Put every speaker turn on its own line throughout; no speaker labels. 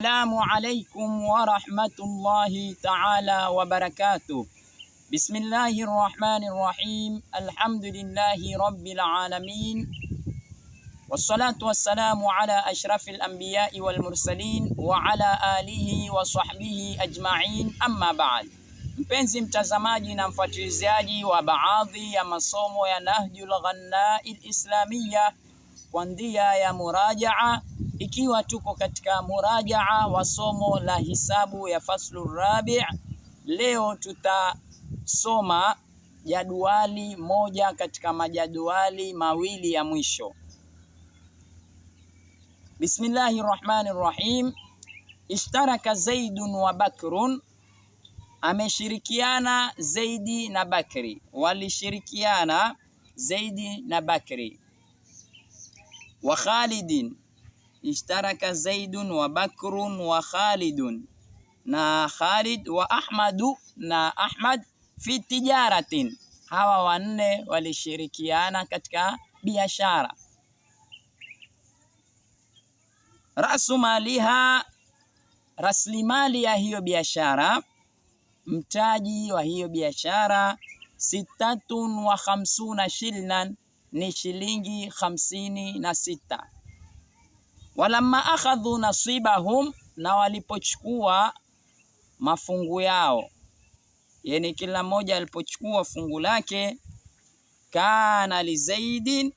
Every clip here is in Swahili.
السلام عليكم ورحمة الله تعالى وبركاته بسم الله الرحمن الرحيم الحمد لله رب العالمين والصلاة والسلام على أشرف الأنبياء والمرسلين وعلى آله وصحبه أجمعين أما بعد mpenzi mtazamaji na mfuatiliziaji wa baadhi ya masomo ya Nahjul Ghannai Islamia kwa njia ya murajaa ikiwa tuko katika murajaa wa somo la hisabu ya faslu rabi. Leo tutasoma jadwali moja katika majadwali mawili ya mwisho. Bismillahi rahmani rahim. Ishtaraka zaidun wa bakrun, ameshirikiana Zaidi na Bakri, walishirikiana Zaidi na Bakri. Wa Khalidin ishtaraka zaidun wa bakrun wa khalidun na Khalid wa Ahmadu na Ahmad fi tijaratin, hawa wanne walishirikiana katika biashara. Rasu maliha, rasilimali ya hiyo biashara, mtaji wa hiyo biashara sitatun wa khamsuna shilnan, ni shilingi hamsini na sita walamma akhadhu nasibahum, na walipochukua mafungu yao, yani kila mmoja alipochukua fungu lake, kana lizaidin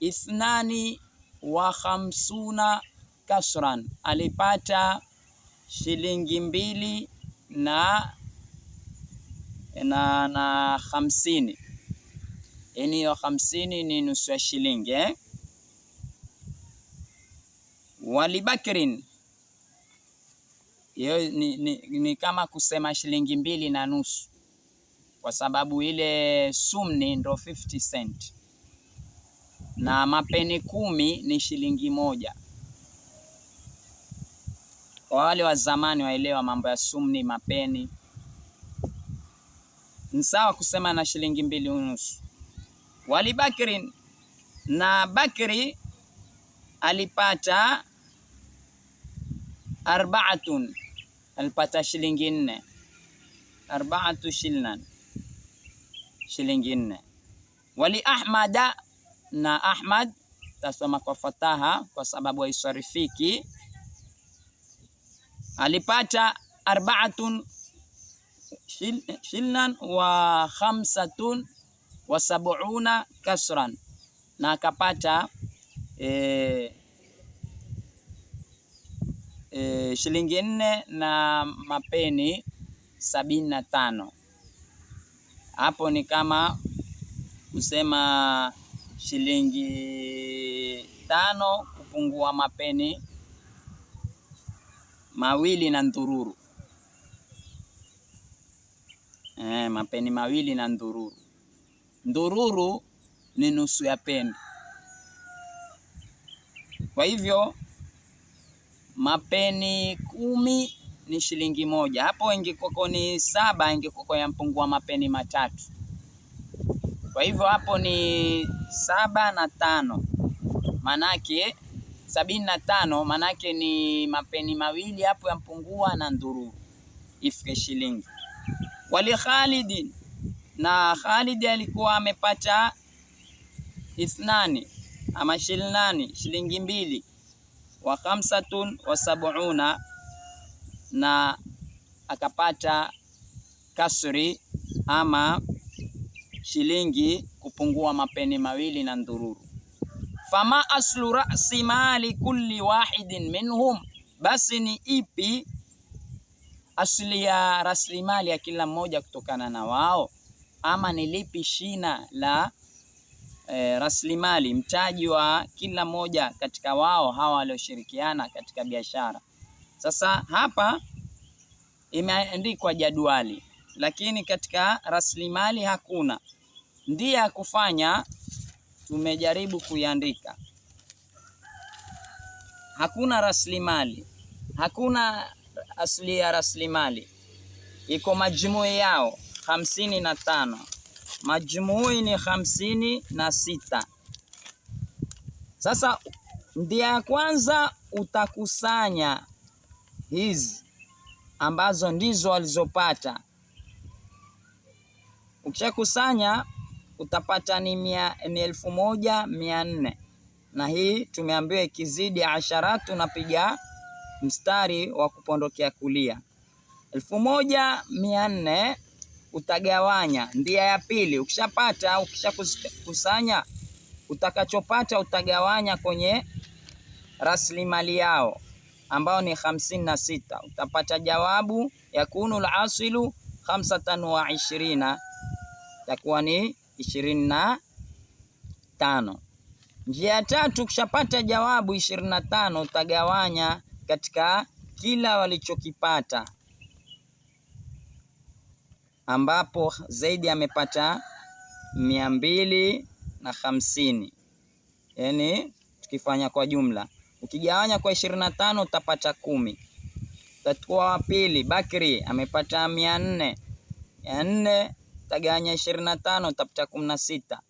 ithnani wa khamsuna kasran, alipata shilingi mbili na na, na hamsini. Yani hiyo hamsini ni nusu ya shilingi eh? walibakrin hiyo ni, ni, ni kama kusema shilingi mbili na nusu, kwa sababu ile sumni ndo 50 cent na mapeni kumi ni shilingi moja. Kwa wale wa zamani waelewa mambo ya sumni, mapeni ni sawa kusema na shilingi mbili unusu. Wali bakrin na Bakri alipata arbaatun alipata shilingi nne. Arbaatu shilnan, shilingi nne. Wali Ahmada, na Ahmad tasoma kwa fataha kwa sababu haisarifiki. Alipata arbaatun shilnan wa khamsatun wa sabuuna kasran, na akapata eh, e, shilingi nne na mapeni sabini na tano. Hapo ni kama kusema shilingi tano kupungua mapeni mawili na ndururu. E, mapeni mawili na ndururu. Ndururu ni nusu ya peni. Kwa hivyo mapeni kumi ni shilingi moja. Hapo ingekuwa ni saba, ingekuwa yampungua mapeni matatu. Kwa hivyo hapo ni saba na tano, manake sabini na tano, manake ni mapeni mawili hapo yampungua na nduru ifike shilingi. Wali Khalid na Khalid alikuwa amepata ithnani ama shilinani, shilingi mbili wa khamsatun wa sab'una, na akapata kasri ama shilingi kupungua mapeni mawili na ndhururu Fama aslu rasi mali kulli wahidin minhum, basi ni ipi asli ya rasilimali ya kila mmoja kutokana na wao, ama ni lipi shina la e, rasilimali, mtaji wa kila mmoja katika wao hawa walioshirikiana katika biashara. Sasa hapa imeandikwa jadwali, lakini katika rasilimali hakuna. Ndiye kufanya tumejaribu kuiandika, hakuna rasilimali, hakuna asili ya rasilimali, iko majumui yao hamsini na tano majumui ni hamsini na sita. Sasa ndia ya kwanza utakusanya hizi ambazo ndizo walizopata. Ukishakusanya utapata ni, mia, ni elfu moja mia nne na hii tumeambiwa ikizidi ashara tunapiga mstari wa kupondokea kulia. elfu moja mia nne utagawanya. Ndia ya pili ukishapata au ukishakusanya, utakachopata utagawanya kwenye rasilimali yao ambao ni hamsini na sita. Utapata jawabu yakunu lasilu hamsatan wa ishirina, takuwa ni ishirini na tano. Njia ya tatu ukishapata jawabu ishirini na tano utagawanya katika kila walichokipata ambapo Zaidi amepata mia mbili na hamsini yaani tukifanya kwa jumla ukigawanya kwa ishirini na tano utapata kumi. Utakuwa wa pili Bakri amepata mia nne mia nne utagawanya ishirini na tano utapata kumi na sita.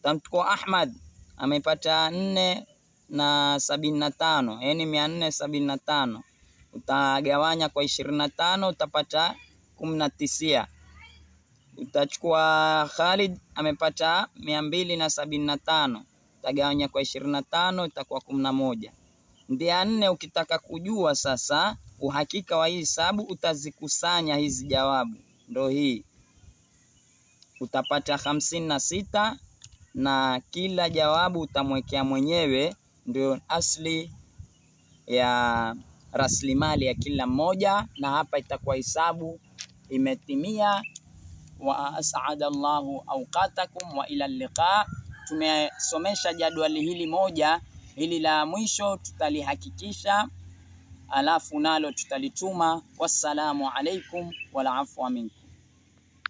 Utamchukua Ahmad amepata nne na sabini na tano yaani mia nne sabini na tano utagawanya kwa ishirini na tano utapata kumi na tisia utachukua Khalid amepata mia mbili na sabini na tano utagawanya kwa ishirini na tano itakuwa kumi na moja Ndia nne, ukitaka kujua sasa uhakika wa hii hesabu utazikusanya hizi jawabu, ndo hii utapata hamsini na sita na kila jawabu utamwekea mwenyewe, ndio asli ya rasilimali ya kila mmoja, na hapa itakuwa hesabu imetimia wa as'ada Allahu awqatakum wa ila liqa. Tumesomesha jadwali hili moja, hili la mwisho tutalihakikisha, alafu nalo tutalituma. Wassalamu alaikum wal afwa minkum.